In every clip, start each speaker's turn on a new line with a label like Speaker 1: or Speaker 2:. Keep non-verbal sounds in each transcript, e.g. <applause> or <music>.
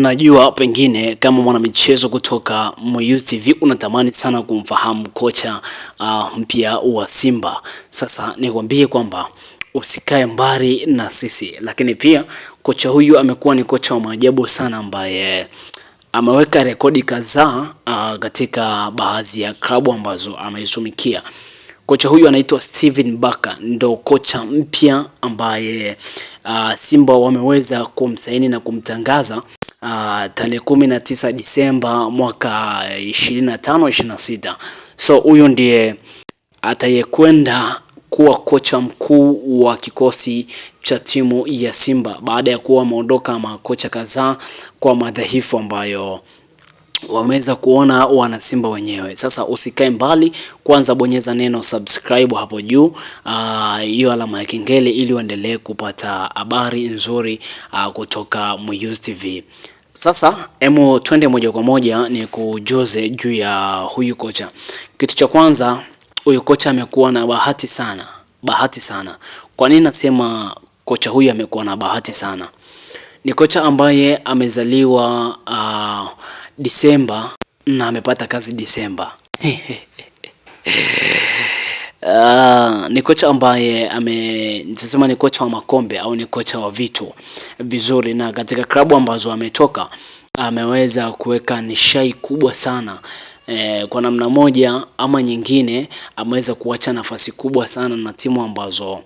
Speaker 1: Najua pengine kama mwanamichezo kutoka Moyu TV unatamani sana kumfahamu kocha uh, mpya wa Simba. Sasa nikwambie kwamba usikae mbali na sisi, lakini pia kocha huyu amekuwa ni kocha wa maajabu sana ambaye ameweka rekodi kadhaa uh, katika baadhi ya klabu ambazo ameitumikia. Kocha huyu anaitwa Steven Baka, ndo kocha mpya ambaye uh, Simba wameweza kumsaini na kumtangaza uh, tarehe kumi na tisa Disemba mwaka na 26. So huyu ndiye atayekwenda kuwa kocha mkuu wa kikosi cha timu ya Simba baada ya kuwa wameondoka makocha kadhaa kwa madhaifu ambayo wameweza kuona wanasimba wenyewe. Sasa usikae mbali, kwanza bonyeza neno subscribe hapo juu, ah, hiyo alama ya kengele, ili uendelee kupata habari nzuri uh, kutoka Muyuzi TV. Sasa emu twende moja kwa moja ni kujoze juu ya huyu kocha. Kitu cha kwanza, huyu kocha amekuwa na bahati sana, bahati sana. Kwa nini nasema kocha huyu amekuwa na bahati sana? Ni kocha ambaye amezaliwa uh, Disemba na amepata kazi Disemba Uh, ni kocha ambaye ame nitasema ni kocha wa makombe au ni kocha wa vitu vizuri, na katika klabu ambazo ametoka ameweza kuweka nishai kubwa sana e, kwa namna moja ama nyingine ameweza kuacha nafasi kubwa sana na timu ambazo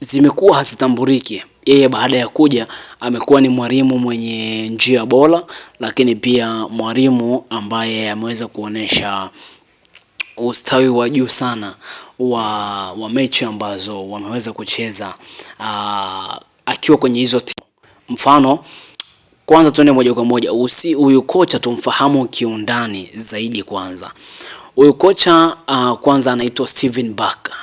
Speaker 1: zimekuwa hazitamburiki. Yeye baada ya kuja amekuwa ni mwalimu mwenye njia bora, lakini pia mwalimu ambaye ameweza kuonesha ustawi wa juu sana wa, wa mechi ambazo wameweza kucheza uh, akiwa kwenye hizo timu. Mfano kwanza, tuende moja kwa moja, usi huyu kocha tumfahamu kiundani zaidi. Kwanza huyu kocha uh, kwanza anaitwa Steven Barker.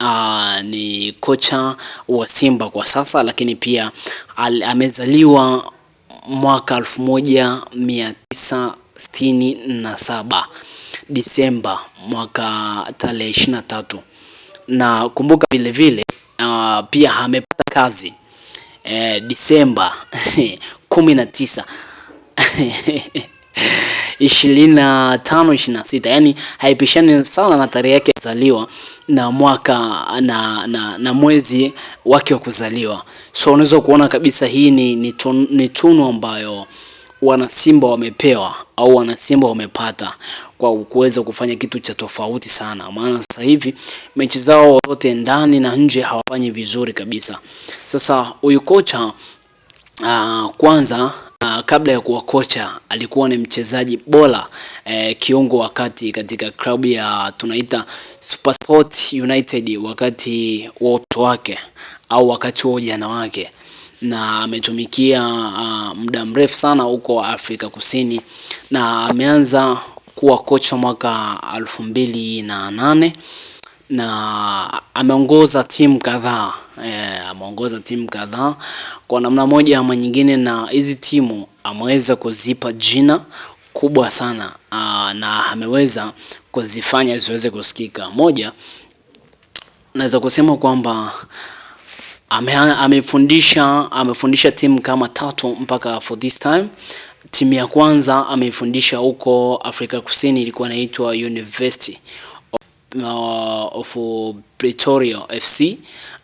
Speaker 1: Uh, ni kocha wa Simba kwa sasa, lakini pia al, amezaliwa mwaka elfu moja mia tisa sitini na saba. Disemba mwaka tarehe ishirini na tatu na kumbuka vile vile uh, pia amepata kazi eh, Disemba <laughs> kumi na tisa <laughs> ishirini na tano ishirini na sita yani haipishani sana na tarehe yake kuzaliwa na mwaka na, na, na mwezi wake wa kuzaliwa, so unaweza kuona kabisa hii ni, ni, tun, ni tunu ambayo wanasimba wamepewa au wanasimba wamepata kwa kuweza kufanya kitu cha tofauti sana, maana sasa hivi mechi zao zote ndani na nje hawafanyi vizuri kabisa. Sasa huyu kocha uh, kwanza uh, kabla ya kuwa kocha alikuwa ni mchezaji bora eh, kiungo wakati katika klabu ya tunaita SuperSport United wakati wa utoto wake au wakati wa ujana wake na ametumikia uh, muda mrefu sana huko Afrika Kusini na ameanza kuwa kocha mwaka elfu mbili na nane na ameongoza timu kadhaa eh, ameongoza timu kadhaa kwa namna moja ama nyingine, na hizi timu ameweza kuzipa jina kubwa sana uh, na ameweza kuzifanya ziweze kusikika. Moja, naweza kusema kwamba ame, amefundisha amefundisha timu kama tatu mpaka for this time. Timu ya kwanza ameifundisha huko Afrika Kusini, ilikuwa inaitwa University Uh, of Pretoria FC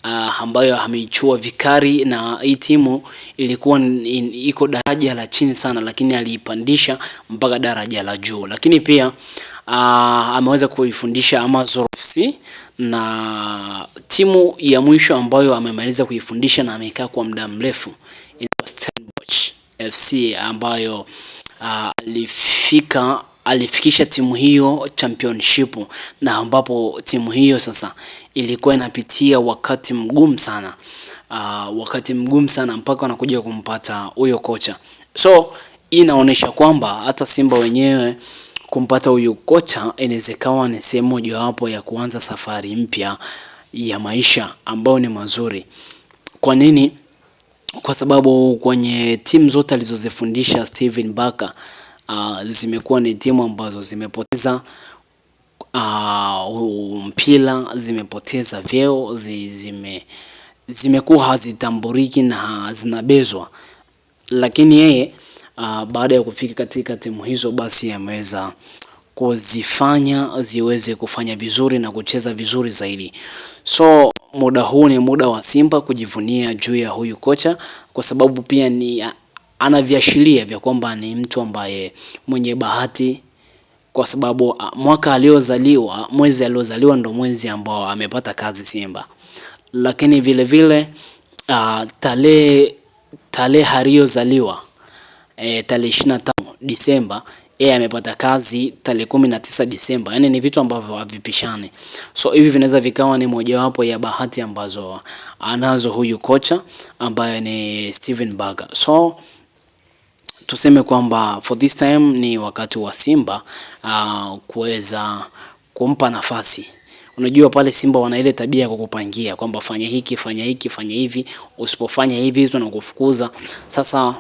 Speaker 1: uh, ah, ambayo ameichua vikari, na hii timu ilikuwa iko daraja la chini sana, lakini aliipandisha mpaka daraja la juu, lakini pia Uh, ameweza kuifundisha Amazor FC na timu ya mwisho ambayo amemaliza kuifundisha na amekaa kwa muda mrefu ilikuwa Stellenbosch FC ambayo uh, alifika alifikisha timu hiyo championship na ambapo timu hiyo sasa ilikuwa inapitia wakati mgumu sana uh, wakati mgumu sana mpaka wanakuja kumpata huyo kocha. So hii inaonyesha kwamba hata Simba wenyewe kumpata huyu kocha inaweza ikawa ni sehemu mojawapo ya kuanza safari mpya ya maisha ambayo ni mazuri. Kwa nini? Kwa sababu kwenye timu zote alizozifundisha Steven Barker uh, zimekuwa ni timu ambazo zimepoteza uh, mpira, zimepoteza vyeo, zime zimekuwa hazitamburiki na zinabezwa, lakini yeye uh, baada ya kufika katika timu hizo basi ameweza kuzifanya ziweze kufanya vizuri na kucheza vizuri zaidi. So muda huu ni muda wa Simba kujivunia juu ya huyu kocha, kwa sababu pia ni anaviashiria vya kwamba ni mtu ambaye mwenye bahati, kwa sababu ah, mwaka aliozaliwa, mwezi aliozaliwa ndo mwezi ambao amepata kazi Simba, lakini vile vile uh, ah, tale tale aliyozaliwa e, tarehe 25 Disemba yeye amepata kazi tarehe 19 Disemba. Yaani ni vitu ambavyo havipishani, so hivi vinaweza vikawa ni mojawapo ya bahati ambazo anazo huyu kocha ambaye ni Steven Berger. So tuseme kwamba for this time ni wakati wa Simba uh, kuweza kumpa nafasi. Unajua pale Simba wana ile tabia ya kukupangia kwamba fanya hiki, fanya hiki, fanya hivi, usipofanya hivi tunakufukuza. Sasa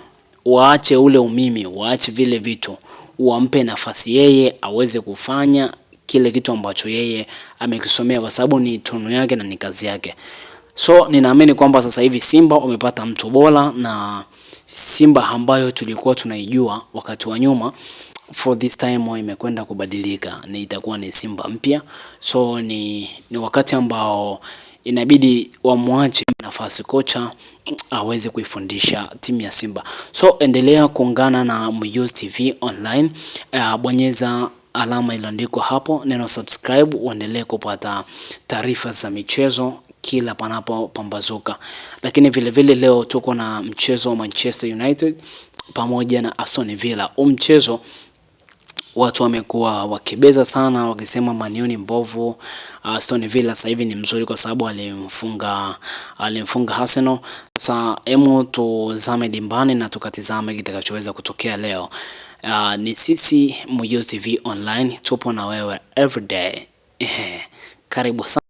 Speaker 1: waache ule umimi, waache vile vitu, wampe nafasi yeye aweze kufanya kile kitu ambacho yeye amekisomea, kwa sababu ni tunu yake na ni kazi yake. So ninaamini kwamba sasa hivi Simba wamepata mtu bora, na Simba ambayo tulikuwa tunaijua wakati wa nyuma for this time imekwenda kubadilika, ni itakuwa ni Simba mpya. So ni, ni wakati ambao inabidi wamwache nafasi kocha aweze kuifundisha timu ya Simba. So endelea kuungana na Muyuzi TV online. Uh, bonyeza alama iliyoandikwa hapo neno subscribe, uendelee kupata taarifa za michezo kila panapo pambazuka Lakini vilevile vile leo tuko na mchezo wa Manchester United pamoja na Aston Villa. Huu mchezo watu wamekuwa wakibeza sana wakisema Man U ni mbovu. Uh, Stone Villa sasa hivi ni mzuri kwa sababu alimfunga alimfunga Arsenal. Sasa hemu tuzame dimbani na tukatizame kitakachoweza kutokea leo. Uh, ni sisi Muyuzi TV Online, tupo na wewe everyday. Karibu sana.